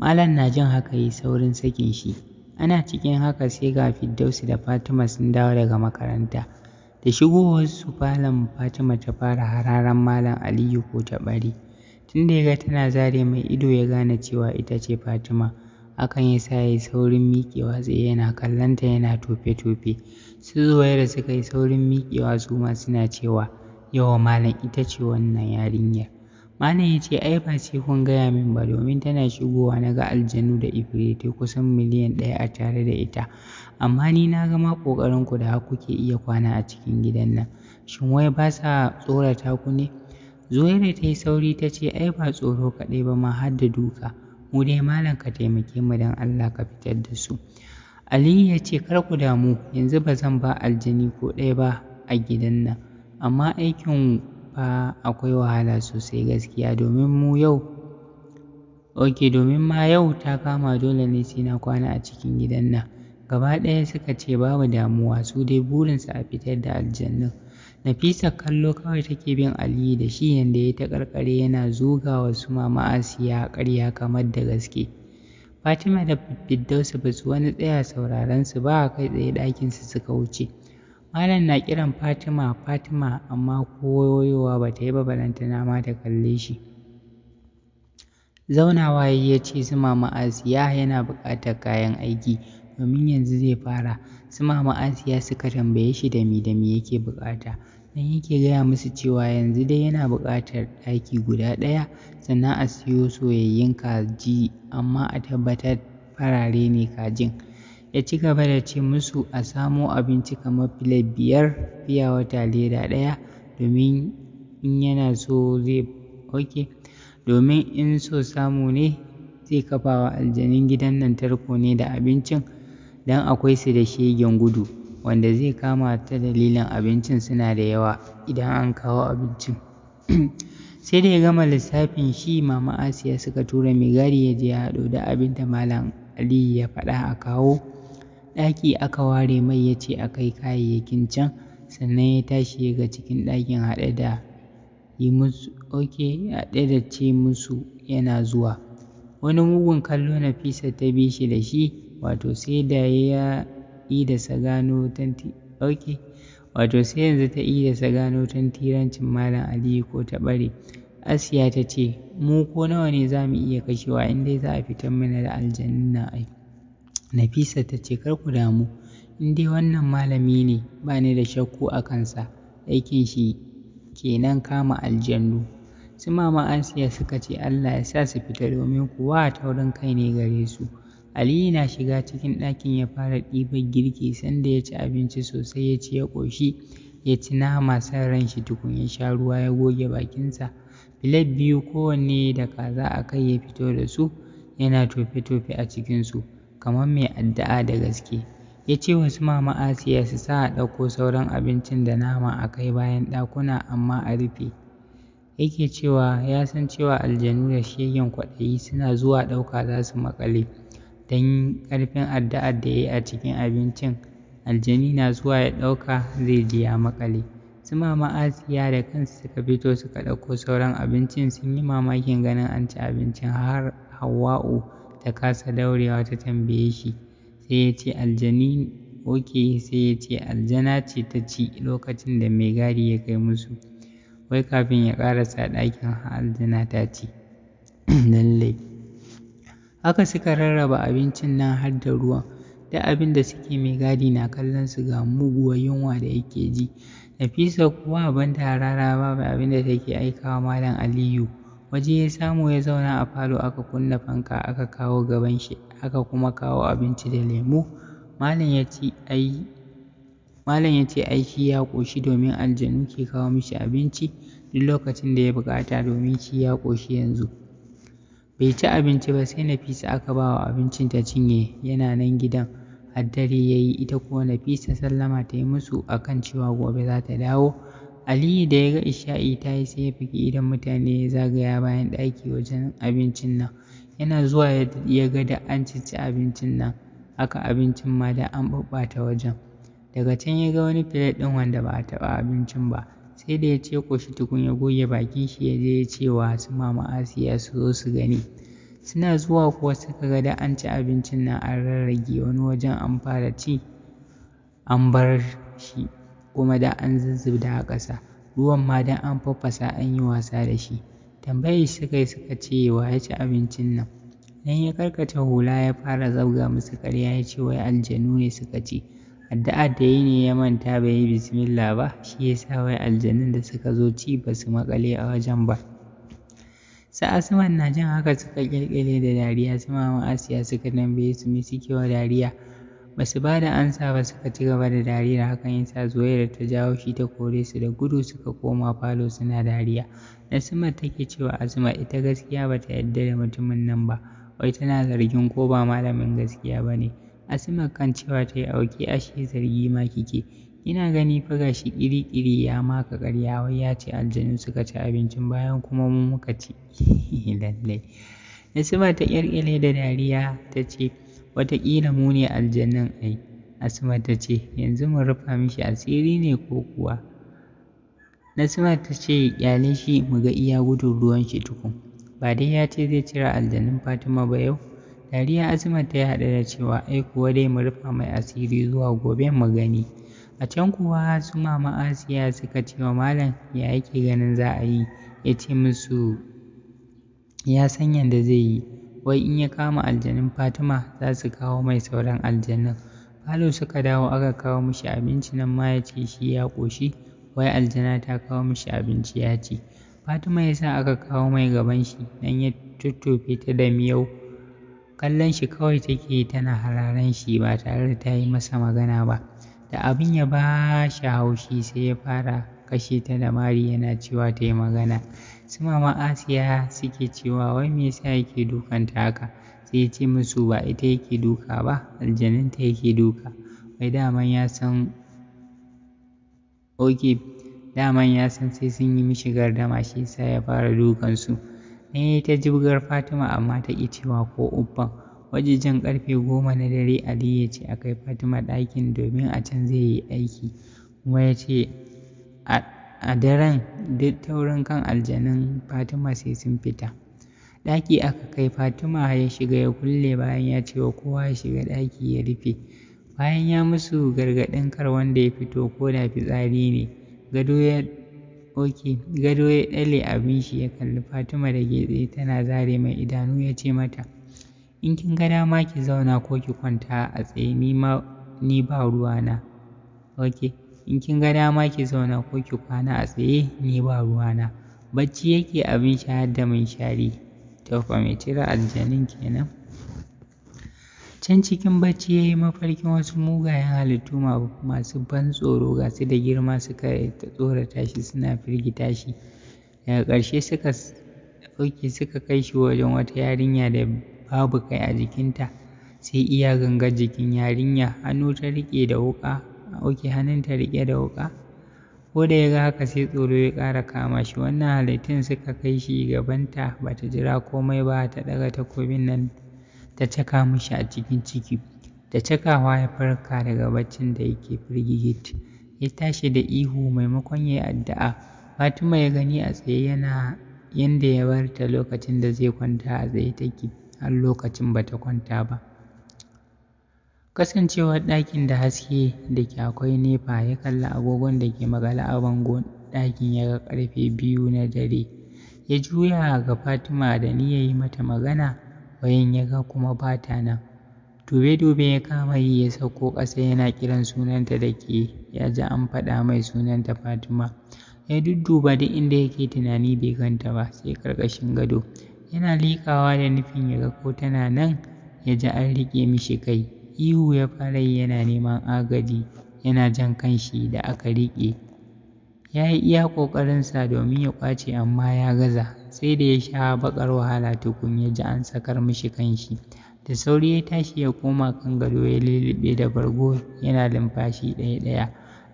Malam na jin haka yi saurin sakin shi. Ana cikin haka sai ga Firdausu da Fatima sun dawo daga makaranta. Da shigowarsu Malam Fatima ta fara hararan Malam Aliyu ko ta ɓari. Tun da ya ga tana zare mai ido ya gane cewa ita ce Fatima. Hakan ya sa ya yi saurin miƙewa tsaye yana kallonta yana tofe-tofe. Su Zuwaira suka yi saurin miƙewa su ma suna cewa yawa Malam ita ce wannan yarinyar. Malam ya ce ai ba sai kun gaya min ba domin tana shigowa na ga aljanu da ifiritai kusan miliyan ɗaya a tare da ita. Amma ni na gama ma ku da har kuke iya kwana a cikin gidan nan. Shin wai ba sa tsorata ku ne? Zuwaira ta yi sauri ta ce ai ba tsoro kaɗai ba ma har da duka. Mu dai malam ka taimake mu don Allah ka fitar da su. Aliyu ya ce kar ku damu yanzu ba zan ba aljani ko ɗaya ba a gidan nan. Amma aikin fa akwai wahala sosai gaskiya domin mu yau ok domin ma yau ta kama dole ne sai na kwana a cikin gidan nan gaba ɗaya suka ce babu damuwa su dai burinsu a fitar da aljannu Nafisa kallo kawai take bin Aliyu da shi yanda ya ta karkare yana zuga wa su ma ma'asiya ƙarya kamar da gaske. Fatima da Firdausu ba su wani tsaya sauraron su ba kai tsaye ɗakin su suka wuce. Malam na kiran Fatima Fatima amma koyowa ba ta yi ba balantana ma ta kalle shi. Zaunawa ya ce su mama Asiya yana buƙatar kayan aiki domin yanzu zai fara. Su mama Asiya suka tambaye shi da me da me yake buƙata. don yake gaya musu cewa yanzu dai yana buƙatar ɗaki guda ɗaya sannan a siyo soyayyun kaji amma a tabbatar farare ne kajin. ya ci gaba da ce musu a samo abinci kamar filet biyar fiya wata leda ɗaya domin in yana so zai ok domin in so samu ne zai kafa wa aljanin gidan nan tarko ne da abincin don akwai su da shegen gudu wanda zai kama ta dalilin abincin suna da yawa idan an kawo abincin sai da ya gama lissafin shi mama asiya suka tura mai gadi ya je ya haɗo da abin da malam aliyu ya faɗa a kawo ɗaki aka ware mai ya ce a kai kayayyakin can sannan ya tashi ya ga cikin ɗakin haɗe da yi musu ok haɗe da ce musu yana zuwa wani mugun kallo Nafisa ta bi shi da shi wato sai da ya sa gano tanti wato sai yanzu ta sa gano tantirancin Malam Aliyu ko ta ɓare Asiya ta ce mu ko nawa ne za mu iya kashewa in dai za a fitar mana da aljanun ai Nafisa ta ce kar ku damu in dai wannan malami ne ba ni da shakku a kansa aikin shi kenan kama aljannu su mama asiya suka ce allah ya sa su fita domin kuwa taurin kai ne gare su aliyu na shiga cikin ɗakin ya fara ɗiban girki sanda ya ci abinci sosai ya ci ya ƙoshi ya ci nama san ran shi tukun ya sha ruwa ya goge bakinsa filet biyu kowanne da kaza a kai ya fito da su yana tofe-tofe a cikinsu kamar mai addu'a da gaske ya ce wasu mama asiya su sa a ɗauko sauran abincin da nama a kai bayan ɗakuna amma a rufe yake cewa ya san cewa aljanu da shegen kwaɗayi suna zuwa ɗauka za su maƙale don ƙarfin addu'ar da ya yi a cikin abincin aljani na zuwa ya ɗauka zai ji ya maƙale su mama asiya da kansu suka fito suka ɗauko sauran abincin sun yi mamakin ganin an ci abincin har hawa'u ta kasa daurewa ta tambaye shi sai ya ce aljani oke sai ya ce aljana ce ta ci lokacin da mai gadi ya kai musu wai kafin ya ƙarasa ɗakin aljana ta ci lallai haka suka rarraba abincin nan har da ruwan duk abin da suke mai gadi na kallon su ga muguwar yunwa da yake ji Nafisa kuwa ban da harara babu abin da take aikawa Malam Aliyu waje ya samu ya zauna a falo aka kunna fanka aka kawo gaban shi aka kuma kawo abinci da lemu malam ya ce ai malam ya aiki ya ƙoshi domin aljanu ke kawo mishi abinci duk lokacin da ya buƙata domin shi ya ƙoshi yanzu bai ci abinci ba sai nafisa aka ba wa abincin ta cinye yana nan gidan har dare ya yi ita kuwa nafisa sallama ta yi musu akan cewa gobe za ta dawo Aliyu da ya ga Isha'i ta yi sai ya faki idan mutane ya zagaya bayan ɗaki wajen abincin nan. Yana zuwa ya ga da an cici abincin nan, haka abincin ma da an ɓaɓɓata wajen. Daga can ya ga wani filet ɗin wanda ba a taɓa abincin ba, sai da ya ce shi tukun ya goge bakin shi ya je ya ce wa su Mama Asiya su zo su gani. Suna zuwa kuwa suka ga da an ci abincin nan an rarrage wani wajen an fara ci an bar shi. kuma da an da a ƙasa ruwan ma dan an faffasa an yi wasa da shi tambayar shi suka yi suka ce wa ya ci abincin nan nan ya karkata hula ya fara zabga musu ƙarya ya ce wai aljanu ne suka ci addu'ar da yi ne ya manta bai yi bismillah ba shi ya sa wai aljanun da suka zo ci ba su maƙale a wajen ba sa asman na jin haka suka ƙirƙire da dariya su mama asiya suka tambaye su me suke wa dariya ba su ba da ansa ba suka ci gaba da dariya hakan yasa zoyar ta jawo shi ta kore su da gudu suka koma falo suna dariya nasimar take cewa azuma ita gaskiya ba ta yarda da mutumin nan ba wai tana zargin ko ba malamin gaskiya ba ne asima kan cewa ta yi auki ashe zargi ma kike ina gani fa gashi ƙiri-ƙiri ya maka ƙarya wai ya ce aljanu suka ci abincin bayan kuma mu muka ci lallai nasima ta ƙyarƙyale da dariya ta ce wataƙila mu ne aljanun ai asma ta ce yanzu mu rufa mishi asiri ne ko kuwa nasima ta ce ƙyale shi mu ga iya gudun ruwan shi tukun ba dai ya ce zai cira aljanun fatima ba yau dariya asma ta yi haɗe da cewa ai kuwa dai mu rufa mai asiri zuwa gobe mu gani a can kuwa su mama asiya suka ce wa malam ya yake ganin za a yi ya ce musu ya san yadda zai yi wai in ya kama aljanun Fatima za su kawo mai sauran aljanun. Falo suka dawo aka kawo mishi abinci nan ma ya ce shi ya ƙoshi wai aljana ta kawo mishi abinci ya ci. Fatima ya sa aka kawo mai gaban shi nan ya tuttufe ta da miyau kallon shi kawai take tana hararen shi ba tare da ta yi masa magana ba. Da abin ya ba shi haushi sai ya fara kashe ta da mari yana cewa ta yi magana su mama asiya suke cewa wai me yasa yake dukanta haka sai ya ce musu ba ita yake duka ba aljaninta yake duka wai daman ya san oke daman ya san sai sun yi mishi gardama shi yasa ya fara dukansu yi ta jibgar fatima amma ta ƙi cewa ko waje wajejen ƙarfe goma na dare Ali ya ce a kai Fatima ɗakin domin a can zai yi aiki kuma ya ce a. a daren duk taurin kan aljanun Fatima sai sun fita. Ɗaki aka kai Fatima ya shiga ya kulle bayan ya ce wa kowa ya shiga ɗaki ya rufe. Bayan ya musu gargaɗin kar wanda ya fito ko da fitsari ne, gado ya oke gado ya ɗale abin shi ya kalli Fatima da ke tana zare mai idanu ya ce mata, In kin ga dama ki zauna ko ki kwanta a tsaye ni ba ruwana. Oke. in kin ga dama ki zauna ko ki kwana a tsaye ni ba ruwana bacci yake abin shayar da da shari to fa mai cire aljanin kenan can cikin bacci ya mafarkin wasu mugayen halittu masu ban tsoro ga su da girma suka tsorata shi suna firgita shi daga ƙarshe suka ɗauke suka kai shi wajen wata yarinya da babu kai a jikinta sai iya gangar jikin yarinya hannu ta riƙe da wuƙa oke hannunta riƙe da wuƙa ko da ya ga haka sai tsoro ya ƙara kama shi wannan halittun suka kai shi gabanta ba ta jira komai ba ta ɗaga takobin nan ta caka mishi a cikin ciki da cakawa ya farka daga baccin da yake firgigit ya tashi da ihu maimakon ya yi addu'a fatima ya gani a tsaye yana yanda ya bar ta lokacin da zai kwanta a tsaye take har lokacin ba ta kwanta ba Kasancewar ɗakin da haske da ke akwai nefa ya kalla agogon da ke maƙale a bangon ɗakin ya ga ƙarfe biyu na dare. Ya juya ga Fatima da niyyar yi mata magana wayan ya ga kuma ba ta nan. Dube-dube ya kama yi ya sauko ƙasa yana kiran sunanta da ke ya ji an faɗa mai sunanta Fatima. Ya dudduba duk inda yake tunani bai ganta ba sai ƙarƙashin gado. Yana liƙawa da nufin ya ga ko tana nan ya ji an riƙe mishi kai. ihu ya fara yi yana neman agaji yana jan kanshi da aka riƙe ya yi iya ƙoƙarinsa domin ya ƙwace amma ya gaza sai da ya sha baƙar wahala tukun ya ji an sakar mishi kanshi da sauri ya tashi ya koma kan gado ya lulluɓe da bargo yana lumfashi ɗaya-ɗaya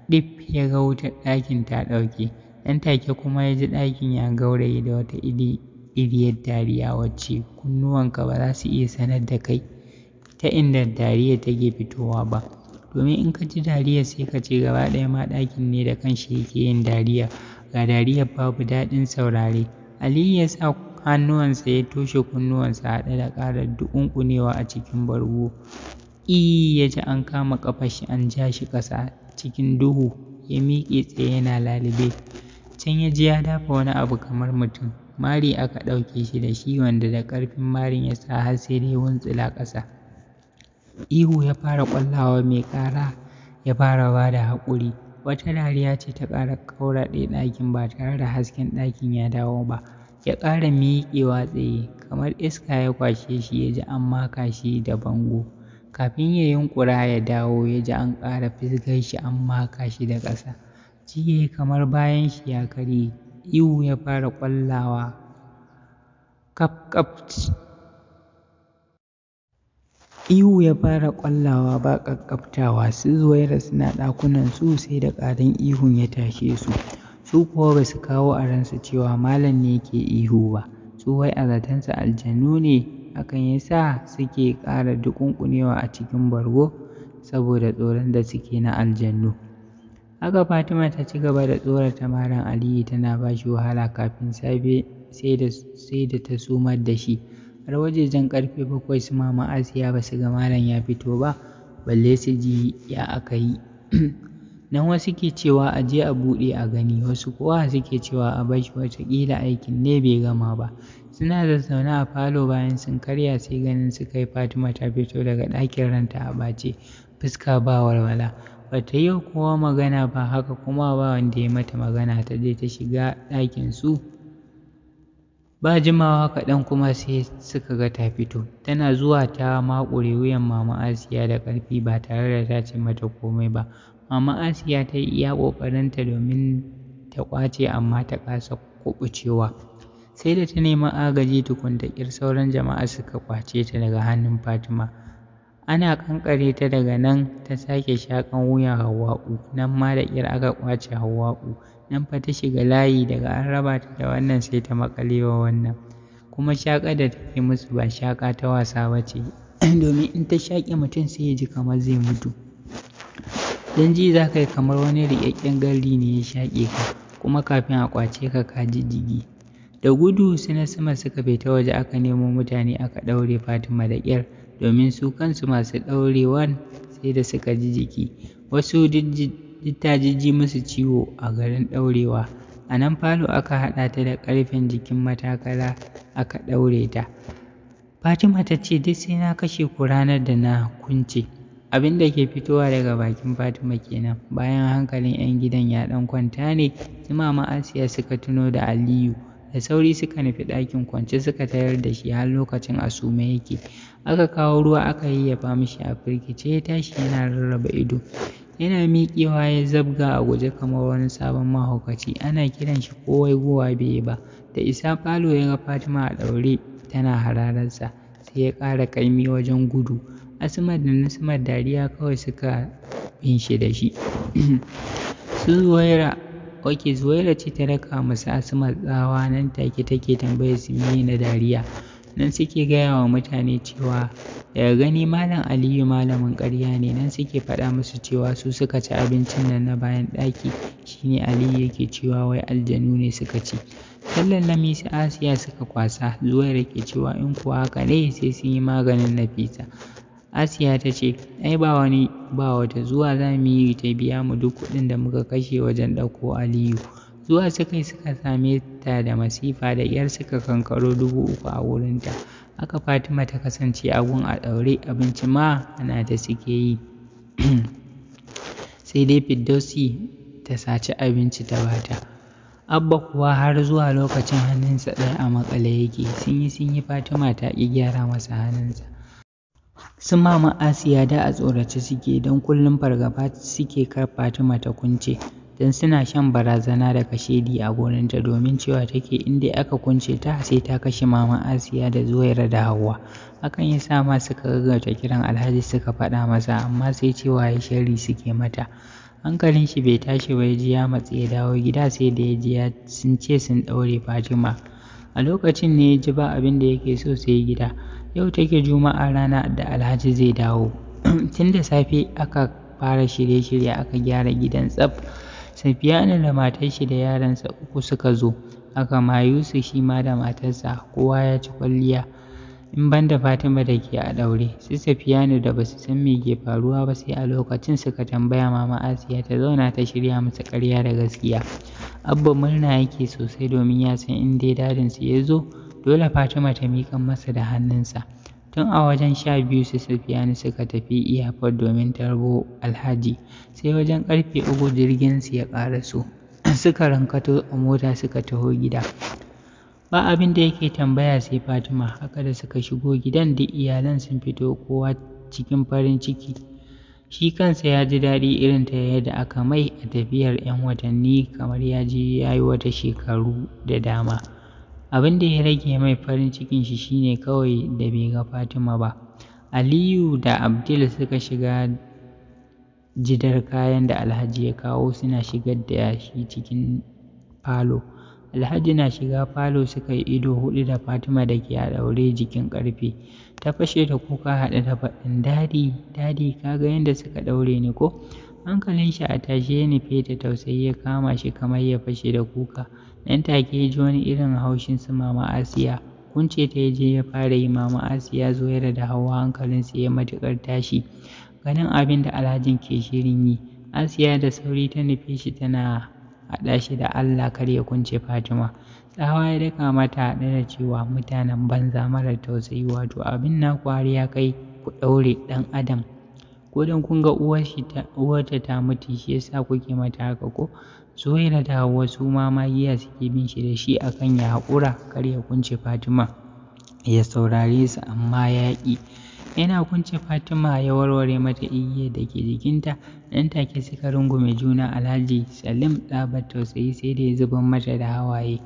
ɗif ya ga wutar ɗakin ta ɗauke ɗan take kuma ya ji ɗakin ya gauraye da wata iri iriyar dariya wacce kunnuwanka ba za su iya sanar da kai ta inda dariyar take fitowa ba domin in ka ji dariyar sai ka ce gaba ɗaya ma ɗakin ne da kanshi yake yin dariya ga dariyar babu daɗin saurare aliyu ya sa hannuwansa ya toshe kunnuwansa haɗe da ƙarar duƙunƙunewa a cikin bargo i ya ji an kama ƙafar shi an ja shi ƙasa cikin duhu ya miƙe tsaye yana lalube can ya ji ya dafa wani abu kamar mutum mari aka ɗauke shi da shi wanda da ƙarfin marin ya sa har sai dai wuntsula ƙasa Ihu ya fara ƙwallawa mai ƙara ya fara ba da haƙuri. Wata dariya ce ta ƙara kauraɗe ɗakin ba tare da hasken ɗakin ya dawo ba. Ya ƙara miƙewa tsaye kamar iska ya kwashe shi ya ji an maka shi da bango. Kafin ya yunƙura ya dawo ya ji an ƙara fisgar shi an maka shi da ƙasa. Jiya kamar bayan shi ya karye. Ihu ya fara ƙwallawa kaf Ihu ya fara ƙwallawa ba ƙaƙƙabtawa, su Zuwaira suna su, sai da ƙaran ihun ya tashe su, su kuwa ba su kawo a ransu cewa malam ne ke ihu ba, su wai a zatonsu aljanu ne hakan ya sa suke ƙara duƙunƙunewa a cikin bargo saboda tsoron da suke na aljanu. Haka Fatima ta ci gaba da tsorata Malam Aliyu tana bashi wahala kafin safe sai da ta sumar da shi. har wajejen karfe bakwai su mama asiya ba su ga malam ya fito ba balle su ji ya aka yi nan wasu ke cewa a je a buɗe a gani wasu kowa suke cewa a bashi watakila aikin ne bai gama ba suna zazzaune a falo bayan sun karya sai ganin su kai fatima ta fito daga ɗakin ranta a bace fuska ba walwala Ba ta yi kowa magana ba haka kuma ba wanda ya mata magana ta je ta shiga ɗakin su ba jimawa kaɗan kuma sai suka ga ta fito tana zuwa ta maƙure wuyan mama asiya da ƙarfi ba tare da ta ce mata komai ba mama asiya ta yi iya ƙoƙarinta domin ta ƙwace amma ta kasa kuɓucewa sai da ta nemi agaji tukun da ƙyar sauran jama'a suka ƙwace ta daga hannun fatima Ana ƙanƙare ta daga nan ta sake shaƙan wuyan Hauwa'u, nan ma da ƙyar aka ƙwace Hauwa'u, nan fa ta shiga layi daga an raba ta da wannan sai ta maƙale wa wannan. Kuma shaƙar da take musu ba shaƙa ta wasa ba ce, domin in ta shaƙe mutum sai ya ji kamar zai mutu. Don ji za ka yi kamar wani riƙaƙƙen gardi ne ya shaƙe ka, kuma kafin a ƙwace ka ka ji jigi, Da gudu su na sama suka fita waje aka nemo mutane aka ɗaure Fatima da ƙyar. domin su kansu masu ɗaurewan sai da suka ji jiki wasu duk ta jijji musu ciwo a garin ɗaurewa a nan falo aka haɗa ta da ƙarfen jikin matakala aka ɗaure ta fatima ta ce duk sai na kashe ku ranar da na kunce abin da ke fitowa daga bakin fatima kenan bayan hankalin 'yan gidan ya ɗan kwanta ne su mama asiya suka tuno da aliyu da sauri suka nufi ɗakin kwance suka tayar da shi har lokacin a sume yake aka kawo ruwa aka yayyafa mishi a firgice ya tashi yana rarraba ido yana miƙewa ya zabga a guje kamar wani sabon mahaukaci ana kiran shi ko guwa bai yi ba da isa falo ya ga fatima a ɗaure tana hararsa sai ya ƙara ƙaimi wajen gudu asmar da nasmar dariya kawai suka bin shi da shi su zuwaira ok zuwaira ce ta raka musu asma tsawa nan take take tambayar su meye na dariya nan suke gaya wa mutane cewa daga gani malam aliyu malamin karya ne nan suke faɗa musu cewa su suka ci abincin nan na bayan ɗaki shine aliyu yake cewa wai aljanu ne suka ci sallan lamisi asiya suka kwasa zuwaira ke cewa in kuwa haka ne sai sun yi maganin nafisa Asiya ta ce, ai ba wani ba wata zuwa za mu yi ta biya mu duk kuɗin da muka kashe wajen ɗauko Aliyu. Zuwa suka suka same ta da masifa da ƴar suka kankaro dubu uku a wurinta. aka Fatima ta kasance a gun a ɗaure abinci ma hana ta suke yi. Sai dai Firdausi ta saci abinci ta bata. Abba kuwa har zuwa lokacin hannunsa ɗaya a maƙale yake, sun yi sun yi Fatima ta ƙi gyara masa hannunsa. Su mama Asiya da a tsorace suke don kullum fargaba suke kar Fatima ta kunce don suna shan barazana da kashedi a gonanta, domin cewa take inda aka kunce ta sai ta kashe mama Asiya da Zuwaira da Hauwa. Hakan ya sa ma suka gaggauta kiran Alhaji suka faɗa masa amma sai cewa ya sharri suke mata. Hankalin shi bai tashi ba ya ji ya matsi ya dawo gida sai da ya ji sun ce sun ɗaure Fatima. A lokacin ne ya ji ba abin da yake so sai gida. yau take juma'a rana da alhaji zai dawo tun da safe aka fara shirye-shirye aka gyara gidan tsaf safiyanu da matar shi da yaransa uku suka zo aka ma yusuf shi ma da matarsa kowa ya ci kwalliya in ban da fatima da ke a ɗaure su safiyanu da ba su san me ke faruwa ba sai a lokacin suka tambaya mama asiya ta zauna ta shirya musu ƙarya da gaskiya abba murna yake sosai domin ya san in dai dadinsu ya zo dole Fatima ta miƙa masa da hannunsa. Tun a wajen sha biyu su Sufiyanu suka tafi iyafar domin tarbo Alhaji, sai wajen ƙarfe uku jirginsu ya ƙaraso. Suka rankato a mota suka taho gida. Ba abin da yake tambaya sai Fatima, haka da suka shigo gidan duk iyalan sun fito kowa cikin farin ciki. Shi kansa ya ji daɗi irin ta yadda aka mai a tafiyar 'yan watanni kamar ya je ya yi wata shekaru da dama. abin da ya rage mai farin cikin shi shine kawai da bai ga Fatima ba Aliyu da Abdul suka shiga jidar kayan da Alhaji ya kawo suna shigar da shi cikin falo Alhaji na shiga falo suka yi ido hudu da Fatima da ke a ɗaure jikin ƙarfe ta fashe da kuka haɗe da faɗin dadi dadi kaga yadda suka ɗaure ni ko hankalin shi a tashe ya nufe ta tausayi ya kama shi kamar ya fashe da kuka nan take ya ji wani irin haushin su mama asiya kun ce ta ya je ya fara yi mama asiya zuwaira da hawa hankalin su ya matuƙar tashi ganin abin da alhajin ke shirin yi asiya da sauri ta nufi shi tana haɗa shi da allah kar ya kunce fatima tsawa ya daka mata haɗe da cewa mutanen banza marar tausayi wato abin na har ya kai ku ɗaure ɗan adam ko don kun ga uwarta ta mutu shi yasa kuke mata haka ko Zuwaira da wasu su ma magiya suke bin shi da shi akan ya haƙura kar ya kunce Fatima ya saurare su amma yaƙi. yana kunce Fatima ya warware mata igiyar da ke jikinta nan take suka rungume juna Alhaji Salim ba tausayi sai da ya zubar mata da hawaye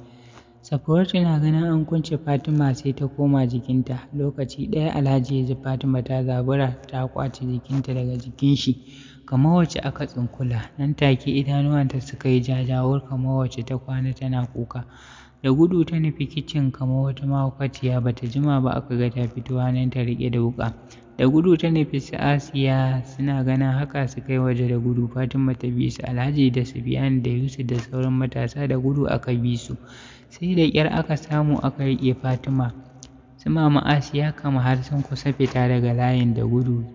Safaratu na ganin an kunce Fatima sai ta koma jikinta, lokaci ɗaya Alhaji ya ji Fatima ta zabura ta ƙwace jikinta daga jikin shi kamar wacce aka tsunkula, nan take idanuwanta suka yi jajawar kamar wacce ta kwana tana kuka. Da gudu ta nufi kicin kamar wata mahaukaciya ba ta jima ba aka ga ta fito ta riƙe da wuƙa. da gudu ta nufi su asiya suna ganin haka su kai waje da gudu fatima ta bi su alhaji da sufiyan da yusuf da sauran matasa da gudu aka bi su sai da ƙyar aka samu aka riƙe fatima su mama asiya kama har sun kusa fita daga layin da gudu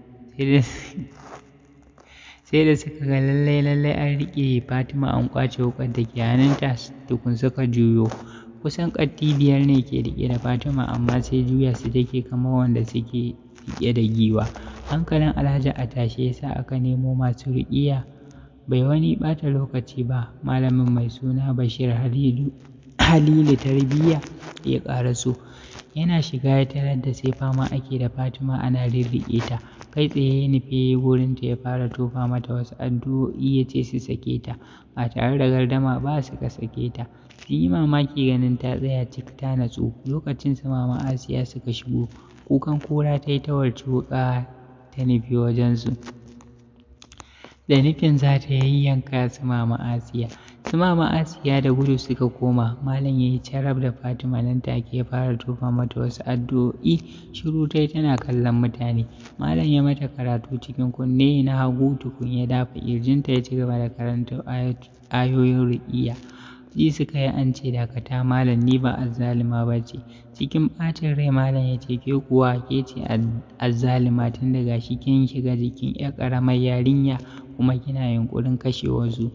sai da suka ga lallai lallai an riƙe fatima an kwace wukar da ke hannunta tukun suka juyo kusan ƙatti biyar ne ke riƙe da fatima amma sai juya su take kamar wanda suke fiye da giwa hankalin alhaji a tashe ya sa aka nemo masu ruƙiya bai wani ɓata lokaci ba malamin mai suna bashir halilu halilu tarbiyya ya ƙaraso yana shiga ya tarar da sai fama ake da fatima ana rirriƙe ta kai tsaye ya nufe wurin ta ya fara tofa mata wasu addu'o'i ya ce su sake ta ba tare da gardama ba suka sake ta Su yi mamaki ganin ta tsaya cik ta natsu lokacin su mama asiya suka shigo kukan kura ta yi ta warci wuƙa ta nufi wajensu da nufin za ta yayyanka su mama asiya su mama asiya da gudu suka koma malam ya yi carab da fatima nan take ya fara tofa mata wasu addu'o'i shiru tai tana kallon mutane malam ya mata karatu cikin kunne na hagu tukun ya dafa ƙirjinta ya ci gaba da karanta ayoyin ruƙiya ji suka yi an dakata malam ni ba azzalima ba ce cikin ɓacin rai malam ya ce ke kuwa ke ce azzalima tun daga shi kin shiga jikin 'ya ƙaramar yarinya kuma kina yunƙurin kashe wasu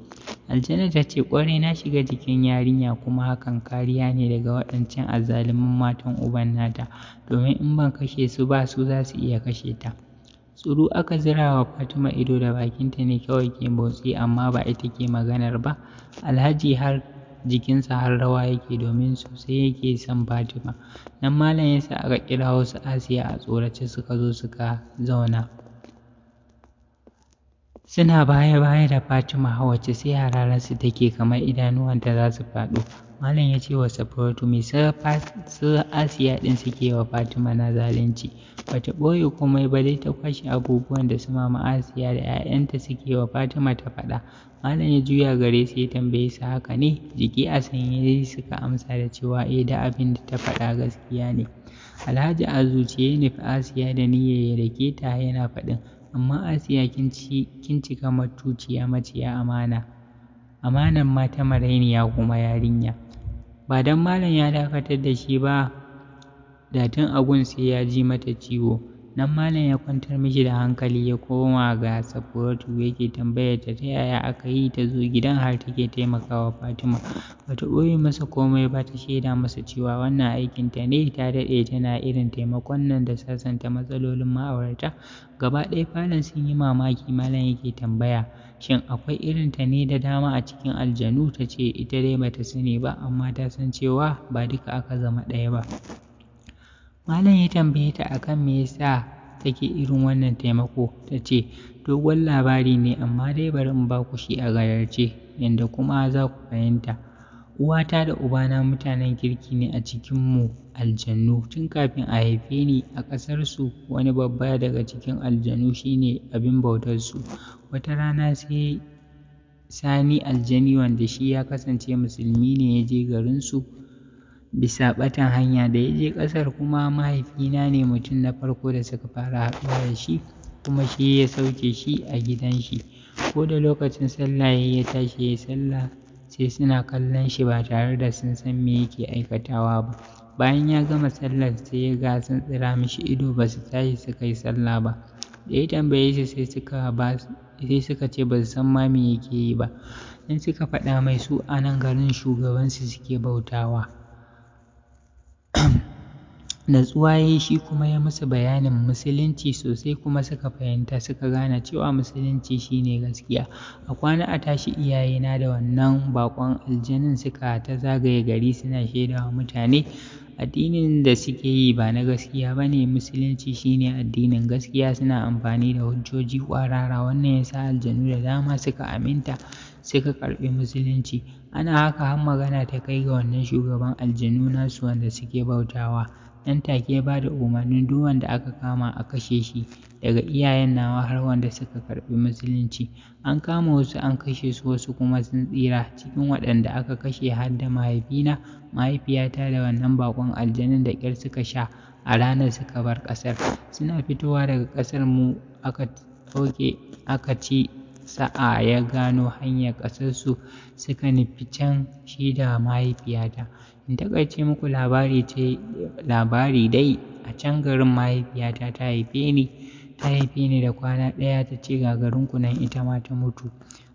aljana ta ce ƙwarai na shiga jikin yarinya kuma hakan kariya ne daga waɗancan azzaluman matan uban nata domin in ban kashe su ba su za su iya kashe ta tsuru aka zira wa fatima ido da bakinta ne kawai ke motsi amma ba ita ke maganar ba alhaji har jikinsa har rawa yake domin sosai yake son Fatima. Nan malam yasa aka kirawo su Asiya a tsorace suka zo suka zauna. Suna baya-baya da Fatima wacce sai hararansu take kamar idanuwanta za su faɗo. Malam ya ce wa Safaratu me su Asiya ɗin suke wa Fatima na zalunci. Bata ɓoye komai ba dai ta kwashe abubuwan da su mama Asiya da 'ya'yanta suke wa Fatima ta faɗa. Malam ya juya gare su ya tambaye su haka ne, jiki a sanye suka amsa da cewa eh da abin da ta faɗa gaskiya ne. Alhaji a zuciye ne fa Asiya da niyya ya dake ta yana faɗin, amma Asiya kin cika matuciya maciya amana, amanan ma ta marainiya kuma yarinya. Ba don malam ya dakatar da shi ba, da tun agun sai ya ji mata ciwo. nan malam ya kwantar mishi da hankali ya koma ga saffuratu yake tambayar ta ta yaya aka yi ta zo gidan har take taimakawa fatima bata ɓoye masa komai ba ta shaida masa cewa wannan aikin ta ne ta daɗe tana irin taimakon nan da sasanta matsalolin ma'aurata gaba ɗaya falon sun yi mamaki malam yake tambaya shin akwai irin ta ne da dama a cikin aljanu ta ce ita dai bata sani ba amma ta san cewa ba duka aka zama ɗaya ba malam ya tambaye ta akan me yasa take irin wannan taimako ta ce dogon labari ne amma dai bari in baku shi a gayarce yanda kuma za ku fahimta uwata da ubana mutanen kirki ne a cikin mu aljannu tun kafin a haife ni a ƙasarsu wani babba daga cikin aljannu shine abin bautar su, wata rana sai sani aljani wanda shi ya kasance musulmi ne ya je garinsu bisa ɓatan hanya da ya je ƙasar kuma mahaifina ne mutum na farko da suka fara haɗuwa da shi kuma shi ya sauke shi a gidan shi ko da lokacin sallah ya ya tashi ya yi sallah sai suna kallon shi ba tare da sun san me yake aikatawa ba bayan ya gama sallar sai ya ga sun tsira mishi ido ba su tashi suka yi sallah ba da ya tambaye shi sai suka ba sai suka ce ba su san ma me yake yi ba in suka faɗa mai su a nan garin shugabansu suke bautawa natsuwa ya shi kuma ya musu bayanin musulunci sosai kuma suka fahimta suka gane cewa musulunci shine gaskiya a kwana a tashi iyayena da wannan bakon aljanin suka ta zagaye gari suna shaidawa mutane addinin da suke yi ba na gaskiya ba ne musulunci shine addinin gaskiya suna amfani da hujjoji ƙwarara wannan ya sa aljanu da dama suka aminta suka karɓi musulunci ana haka har magana ta kai ga wannan shugaban aljanu nasu wanda suke bautawa nan take ya da umarnin duk wanda aka kama a kashe shi daga iyayen nawa har wanda suka karɓi musulunci an kama wasu an kashe su wasu kuma sun tsira cikin waɗanda aka kashe har da mahaifina mahaifiyata da wannan bakon aljanin da ƙyar suka sha a ranar suka bar ƙasar suna fitowa daga ƙasar mu aka ɗauke aka ci sa'a ya gano hanyar ƙasarsu suka nufi can shi da mahaifiyata in takaice muku labari ce labari dai a can garin mahaifiyata ta haife ni ta haife ni da kwana ɗaya ta ce ga garinku nan ita ma ta mutu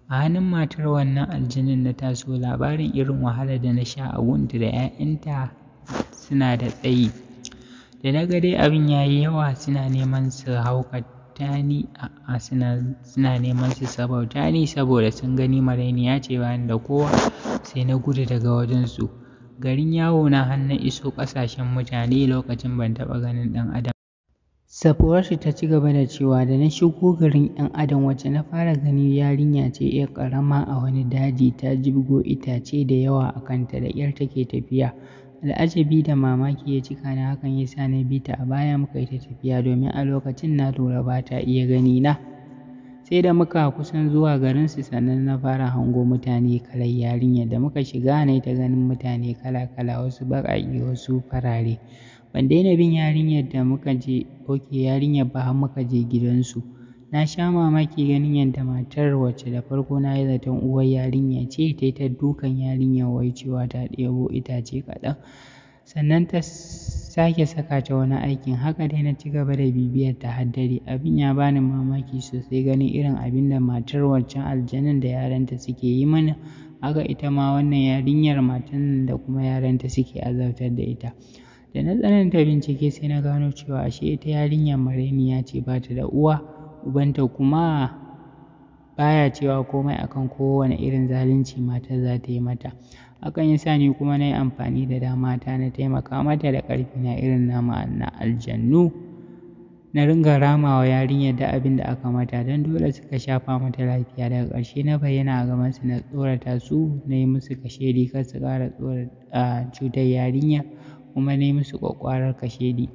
a hannun matar wannan aljanin na taso labarin irin wahala da na sha a gunta da 'ya'yanta suna da tsayi da na ga dai abin ya yi yawa suna neman su haukata ni a suna neman su sabauta ni saboda sun gani marainiya ce bayan da kowa sai na gudu daga wajensu garin yawo na har na iso ƙasashen mutane lokacin ban taɓa ganin ɗan adam Safuwarsu ta ci gaba da cewa da na shigo garin 'yan adam wacce na fara gani yarinya ce 'yar ƙarama a wani daji ta jibgo itace da yawa a kanta da yar take tafiya. Al'ajabi da mamaki ya cika na hakan ya sa na bi ta a baya muka yi ta tafiya domin a lokacin na lura ba ta iya gani na. sai da muka kusan zuwa garinsu sannan na fara hango mutane kalar yarinyar da muka shiga ne ta ganin mutane kala-kala wasu baƙaƙe wasu farare ban daina bin yarinyar da muka je ok yarinyar ba har muka je gidansu na sha mamaki ganin yadda matar wacce da farko na yi zaton uwar yarinya ce ta yi ta dukan yarinyar wai cewa ta ɗebo itace kaɗan sannan ta sake saka ta wani aikin haka dai na ci gaba da bibiyar ta har dare abin ya bani mamaki sosai ganin irin abin da matar wancan aljanun da yaranta suke yi mana haka ita ma wannan yarinyar matan da kuma yaranta suke azabtar da ita da na tsananta bincike sai na gano cewa ashe ita yarinyar mareniya ce ba ta da uwa ubanta kuma baya cewa komai akan kowane irin zalunci matar za ta yi mata hakan ya sa ni kuma na yi amfani da dama ta na taimaka mata da ƙarfi na irin nama na aljannu na ringa Rama wa yarinyar da abin da aka mata don dole suka shafa mata lafiya daga ƙarshe na bayyana a gaban su na tsorata su na yi musu kashedi kar su ƙara cutar yarinya kuma na yi musu ƙwaƙƙwarar kashedi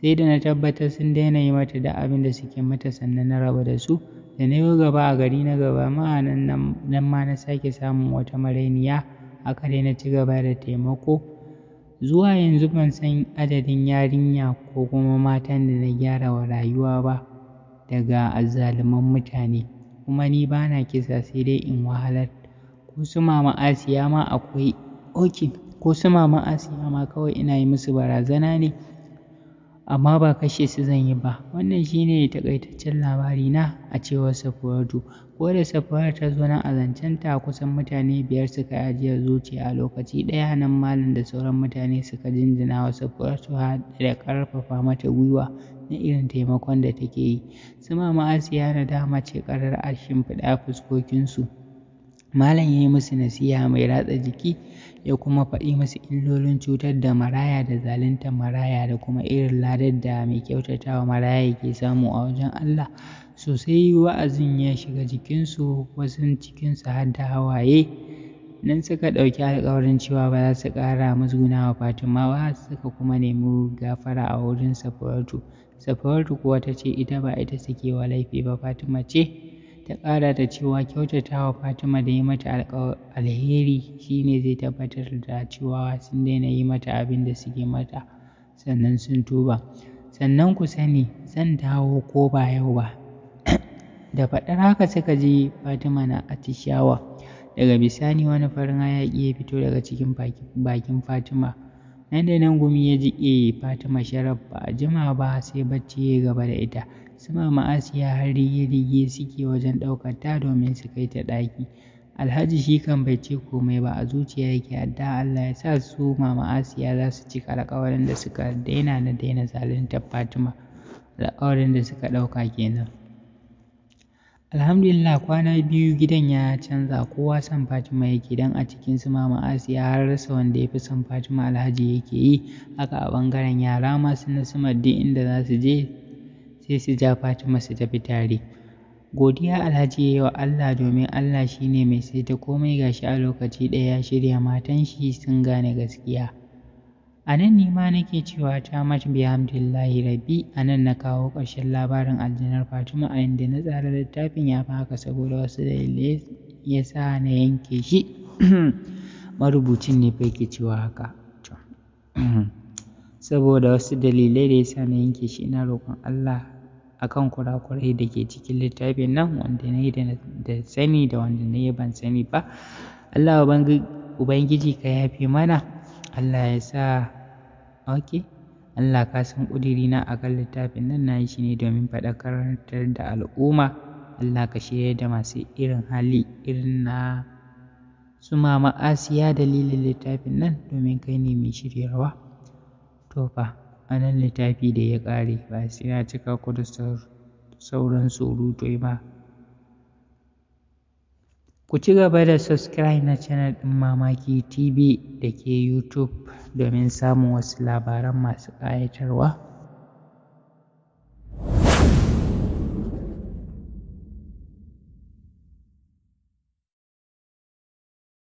sai da na tabbatar sun daina yi mata da abin da suke mata sannan na raba da su da na yi gaba a gari na gaba ma nan ma na sake samun wata marainiya aka daina ci gaba da taimako zuwa yanzu ban san adadin yarinya ko kuma matan da na gyara wa rayuwa ba daga azzaluman mutane kuma ni ba na kisa sai dai in wahalar ko su mama asiya ma akwai ok ko su mama asiya ma kawai ina yi musu barazana ne amma ba kashe su zan yi ba wannan shine takaitaccen labari na a cewar safaratu ko da safaratu ta zo nan a zancen ta kusan mutane biyar suka yi ajiyar zuciya a lokaci ɗaya nan malam da sauran mutane suka jinjina wa safaratu da ƙarfafa mata gwiwa na irin taimakon da take yi Suma ma'asiya na da dama ce ƙarar a shimfiɗa fuskokinsu malam ya yi musu nasiha mai ratsa jiki ya kuma faɗi masu illolin cutar da maraya da zaluntar maraya da kuma irin ladar da mai kyautatawa maraya yake samu a wajen Allah sosai wa'azin ya shiga jikinsu wasu cikinsu har da hawaye nan suka ɗauki alƙawarin cewa ba za su ƙara musgunawa Fatima ba suka kuma nemi gafara a wurin Safaratu Safaratu kuwa ta ce ita ba ita suke wa laifi ba Fatima ce ta ƙara da cewa kyautatawa Fatima da yi mata alheri shine zai tabbatar da cewa sun daina yi mata abin da suke mata sannan sun tuba sannan ku sani zan dawo ko ba yau ba da faɗar haka suka je Fatima na atishawa daga bisani wani farin hayaƙi ya fito daga cikin bakin Fatima nan da nan gumi ya jiƙe Fatima sharaf ba a jima ba sai bacci ya gaba da ita su mama asiya har rige-rige suke wajen ɗaukar ta domin su kai ta ɗaki alhaji shi kan bai ce komai ba a zuciya yake adda allah ya sa su mama asiya za su cika alƙawarin da suka daina na daina zaluntar fatima alƙawarin da suka ɗauka kenan alhamdulillah kwana biyu gidan ya canza kowa son fatima yake dan a cikin su mama asiya har rasa wanda ya fi son fatima alhaji yake yi haka a ɓangaren yara masu nasu na inda za su je sai su ja Fatima su tafi tare. Godiya Alhaji ya yi wa Allah domin Allah shi ne mai saita komai ga shi a lokaci ɗaya ya shirya matan shi sun gane gaskiya. A nan ne ma nake cewa ta mace Hamdullahi Rabi, rabbi a nan na kawo ƙarshen labarin aljanar Fatima a inda na tsara littafin ya fi haka saboda wasu dalilai ya sa na yanke shi. Marubucin ne fa yake cewa haka. saboda wasu dalilai da ya sa na yanke shi ina roƙon Allah akan kurakurai da ke cikin littafin nan wanda na yi da sani da wanda na yi ban sani ba Allah ubangiji ka yafe mana Allah ya sa ok Allah ka san na a kan littafin nan na yi shi ne domin faɗakar da al'umma Allah ka shirya da masu irin hali irin na su ma asiya dalilin littafin nan domin kai ne mai shiryarwa to fa a nan littafi da ya ƙare ba sai na cika ku da sauran surutai ba ku ci gaba da subscribe na channel ɗin mamaki tv da ke youtube domin samun wasu labaran masu ƙayatarwa